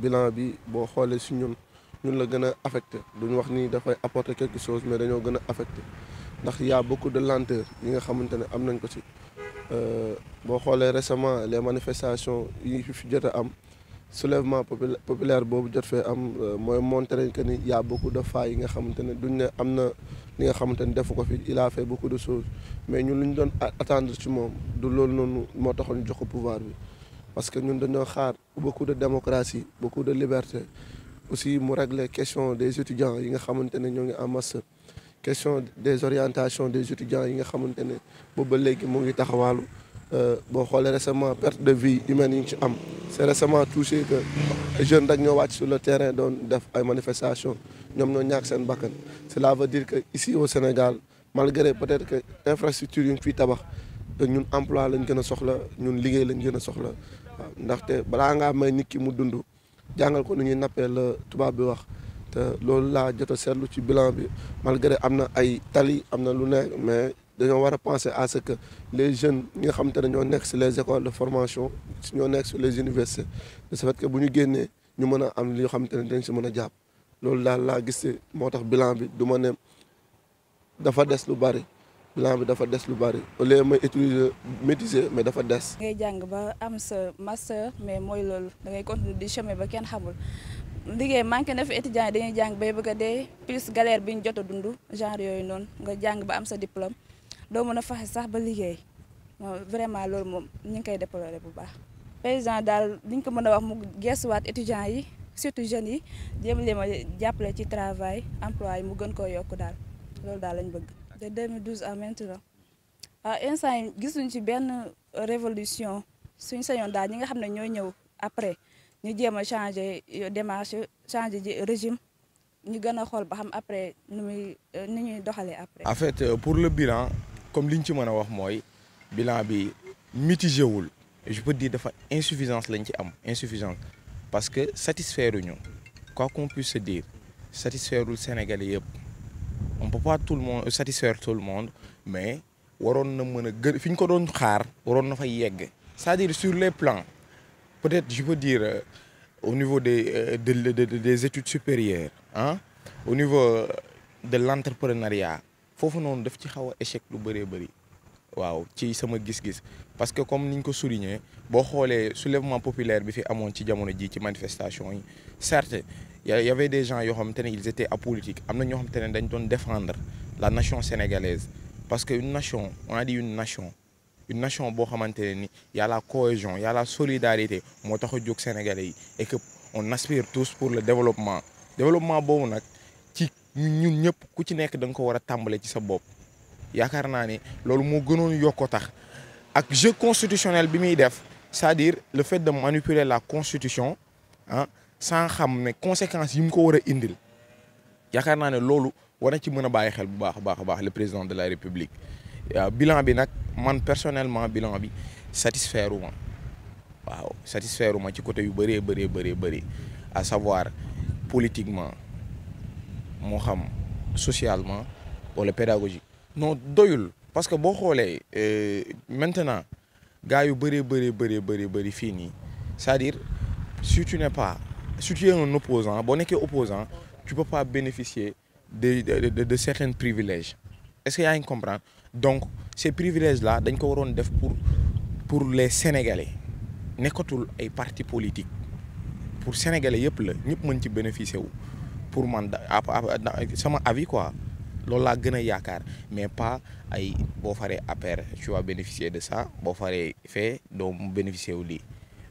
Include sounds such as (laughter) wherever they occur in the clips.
bilan bi boo xoolee si ñun ñun la gën a affecté duñ wax ni dafay apporter quelque chose mais dañoo gën a affecté ndax yaa a beaucoup de lenteur yi nga xamante ne am nañ ko si euh, boo xoolee récemment les manifestations yi fi jot a am soulèvement populaire boobu jot am euh, mooy montré que ni y a de failles yi nga xamante ne duñ ne am na li nga xamante ne defu ko fi il a fait beaucoup de choses mais ñun lu ñu doon attendre si moom du loolu noonu moo taxoon jox ko pouvoir bi parce que ñun dañoo xaar beaucoup de démocratie beaucoup de liberté aussi mu régler question des étudiants yi nga xamante ne ñoo ngi en master question des orientations des étudiants yi nga xamante ne boobu ba léegi mu ngi taxawaalu euh, boo xoolee récemment perte de vie humaine yi ñu ci am c'est récemment touché que jeunes rek ñoo wàcc sur le terrain doon def ay manifestation ñoom ñoo ñàkk seen bakkan cela veut dire que ici au Sénégal malgré peut-être que infrastructure yi ñu fiy tabax ñun emploi lañ gën a soxla ñun liggéey lañ gën a soxla waaw ndaxte balaa ngaa may nit ki mu dund jàngal ko nu ñuy nappee la tubaab bi wax te loolu laa jot a seetlu ci bilan bi malgré am na ay tali am na lu nekk mais dañoo war a penser à ce que les jeunes ñi nga xamante ne ñoo nekk si les écoles de formation si nekk si les universités de ce fait que bu ñu génnee ñu mën a am li nga xamante ne dañ si mën a jàpp loolu daal laa gis moo tax bilan bi du ma ne dafa des lu bari bilan bi dafa des lu bari au lieu may utiliser maîtriser mais dafa des. ngay jàng ba am sa master mais mooy loolu da ngay continuer di chemin ba kenn xamul liggéey manqué na fi étudiants yi dañuy jàng bay bëgg a dee plus galère bi ñu jot a dund genre yooyu noonu nga jàng ba am sa diplôme doo mën a faxe sax ba liggéey vraiment loolu moom ñu ngi koy déplorer bu baax. président daal li ñu ko mën a wax mu geesuwaat étudiants yi surtout jeunes yi jéem le a jàppale ci travail emploi mu gën koo yokk daal loolu daal lañ bëgg. de 2012 à maintenant ah instant yi gisuñ ci benn révolution suñ sañoon daal ñi nga xam ne ñoo ñëw après ñu jéem a changé euh, démarché changé ji régime ñu gën a xool ba xam après nu muy euh, nu ñuy doxalee après. en fait euh, pour le bilan comme liñ ci mën a wax mooy bilan bi mitigé wul je peux dire dafa insuffisance lañ ci am insuffisance parce que satisfaire ñu quoi qu'on puisse se dire satisfaire wul Sénégalais yëpp. on peut tout le monde satisfaire tout le monde mais waroon na mën a gën fi ñu ko doon xaar waroon na fa yegg cest à sur les plan peut-être je peux dire euh, au niveau des euh, de, de, de, des études supérieures ah au niveau euh, de l'entrepreneuriat foofu noonu def ci xaw a échec lu bëree bëri waaw ci sama gis-gis parce que comme ni ñu ko souligné boo xoolee soulèvement populaire bi fi amoon ci jamono ji ci manifestation yi certes y avait des gens yoo xamante ne ils étaient apolitiques am na ñoo xamante ne dañ doon défendre la nation sénégalaise parce que une nation on a une nation une nation boo xamante ne ni y la cohésion y la solidarité moo tax a jóg sénégalais yi et on aspire tous pour le développement développement boobu nag ci ñun ñëpp ku ci nekk da nga ko war a tàmbale ci sa bopp yaakaar naa ne loolu moo gënoon yokko tax ak jeu constitutionnel bi muy def cest à le fait de manipuler la constitution ah sans xam ne conséquence yi mu ko war a indil yaakaar naa ne loolu war na ci mën a bàyyi xel bu baax a baax a baax le président de la république euh, bilan bi nag man personnellement bilan bi satisfaire wu ma waaw satisfaire ma ci côté yu bëree bëree bëree bëri à savoir politiquement moo xam socialement wala pédagogique non doyul parce que boo xoolee euh, maintenant gars yu bëree bëree bëree bëri bëri fii nii c'est-à-dire si tu pas su tu es un opposant boo nekkee opposant tu peux pas bénéficier de de de, de certains privilèges est-ce que yaa ngi comprendre donc ces privilèges là dañ ko waroon def pour pour les sénégalais nekkatul ay partis politiques pour sénégalais yëpp la ñëpp mën ci bénéficier wu pour man sama avis quoi loolu laa gën a yaakaar mais pas ay boo faree APR tu vas bénéficier de ça boo faree fee doomu bénéficier wu lii.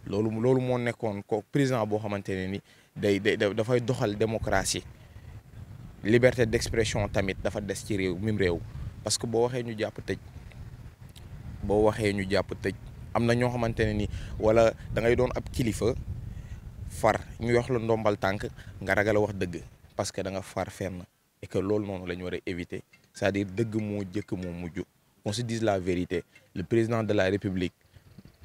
loolu loolu moo nekkoon ko président boo xamante ne ni day day dafay doxal démocratie liberté d'expression tamit dafa des ci réew mim réew parce que boo waxee ñu jàpp tëj boo waxee ñu jàpp tëj am na ñoo xamante ne ni wala da ngay doon ab kilifa far ñu wax la ndombal tànk nga ragal a wax dëgg parce que da nga far fenn et que loolu noonu la ñu war a éviter c'est-à-dire dëgg moo jëkk moo mujj qu'on se dise la vérité le président de la république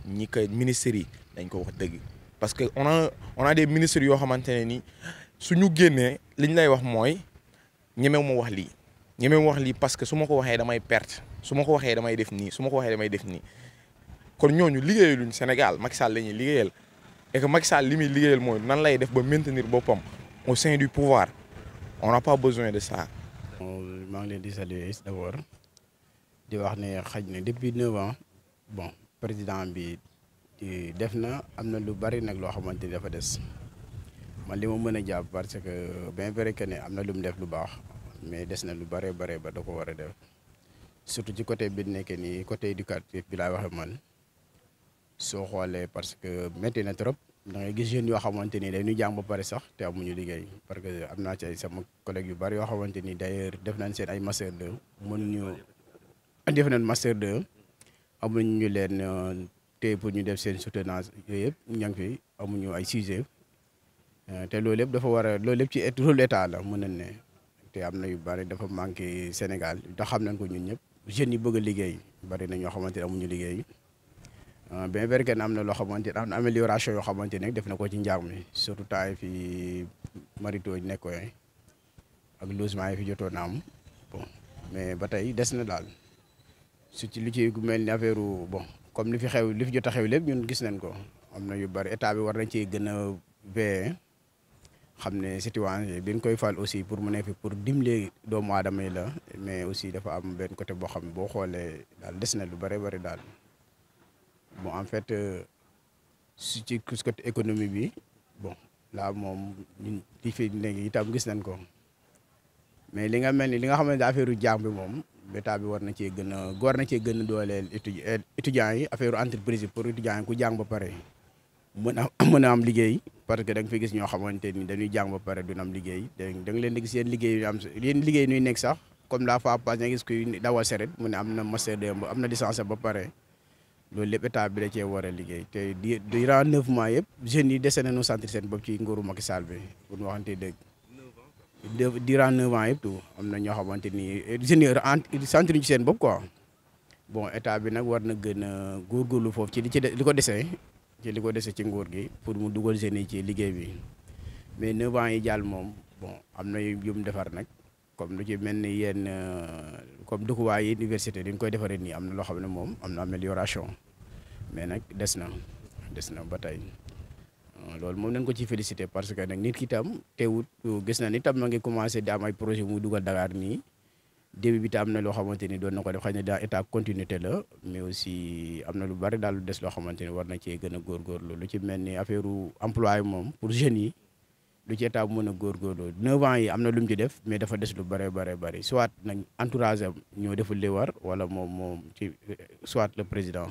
ñi koy ministres yi dañ ko wax dëgg parce que on a on des ministres yoo xamante ne su ñu génnee li ñu lay wax mooy ñemew ma wax lii ñemew ma wax lii parce que su ma ko waxee damay perte su ma ko waxee damay def nii su ma ko waxee damay def nii kon ñooñu luñ Sénégal Macky Sall la ñuy liggéeyal et que Macky Sall li muy liggéeyal mooy nan lay def ba maintenir boppam au sein du pouvoir on n'a pas besoin de ça. maa ngi leen di saluer d'abord di wax ne xaj na depuis neuf ans bon. président bi def na am na lu bari nag loo xamante ni dafa des man li ma mën a jàpp parce que bien vrai que ne am na lu mu def lu baax mais des na lu bare bare ba da ko war a def surtout ci côté bi nekkee nii côté éducatif bi laay waxee man soo xoolee parce que métti na trop da ngay gis jeunes yoo xamante ni dañuy jàng ba pare sax te ñu liggéey parce que am naa ci ay sama collègues yu bari yoo xamante nii d'ailleurs def nañ seen ay master 2 mënuñu def nañ master 2 amuñ ñu leen euh, téye pour ñu def seen soutenance yooyu yëpp ña ngi fi amuñu ay sujet euh, te loolu yëpp dafa war a loolu yëpp ci rôle état la mën nañ ne te am na yu bari dafa manqué Sénégal da xam nañ ko ñun ñëpp jeunes yi bëgg a liggéey bari na ñoo xamante ne amuñu liggéey euh, bien vrai que am na loo xamante ne am na amélioration yoo xamante ne def na ko ci njaar mi surtout taay fi marito nekkoon ak logement yi fi jotoon na am mais ba tey des na daal. su ci li ci mel ni affaire bon comme li fi xew li fi jot a xew lépp ñun gis nañ ko am na yu bari état bi war na cee gën a veiller xam ne situation bi ñu koy fal aussi pour mu ne fi pour dimle doomu aadama yi la mais aussi dafa am benn côté boo xam ne boo xoolee daal des na lu bari bari daal bon en fait euh, su ci côté économie bi bon laa moom ñun li fi nekk itam gis nan ko mais li nga mel ni li nga xam ne affaire jaam bi moom. état bi war na cee gën a war na cee gën a dooleel étudiants yi affaire entreprise yi pour étudiants yi ku jàng ba pare mën a (coughs) mën a am liggéey parce que da nga gis ñoo xamante ni dañuy jàng ba pare duñ am liggéey da nga leen di gis yéen liggéey am yéen liggéey nuy nekk sax comme la fois passée nga gis kuy dawal seret mu am na master de am na licence ba pare loolu lépp état bi da cee war a liggéey te di durant neuf mois yëpp jeunes yi dese nañu centre seen ci nguuru Macky Sall bi pour ñu waxante dëgg durant neuf ans yëpp am na ñoo xamante ni junior en sentir ñu seen bopp quoi bon état bi nag war na gën a góorgóorlu foofu ci li ci li ko dese ci li ko dese ci nguur gi pour mu dugal jeunes yi ci liggéey bi mais neuf ans yi jàll moom bon am na yu mu defar nag comme lu ci mel ni yenn euh, comme dëkkuwaay yi université dañ koy defaree nii am na loo xam ne moom am na amélioration mais nag des na des na ba tey. Ah, loolu moom nañ ko ci félicité parce que nag nit ki tam teewut gis na ni tam na ngi commencé di ay projet muy dugal Dakar nii début bi am na loo xamante ni doon na ko def xam ne daa état continuité la mais aussi am na lu bari daal lu des loo xamante ni war na cee gën a góorgóorlu lu ci mel ni affaire emploi moom pour jeunes yi lu ci état mën a góorgóorlu neuf ans yi am na lu mu ci def mais dafa des lu bëree bare bëri soit nag entourage am ñoo deful l war wala moom moom ci soit le président.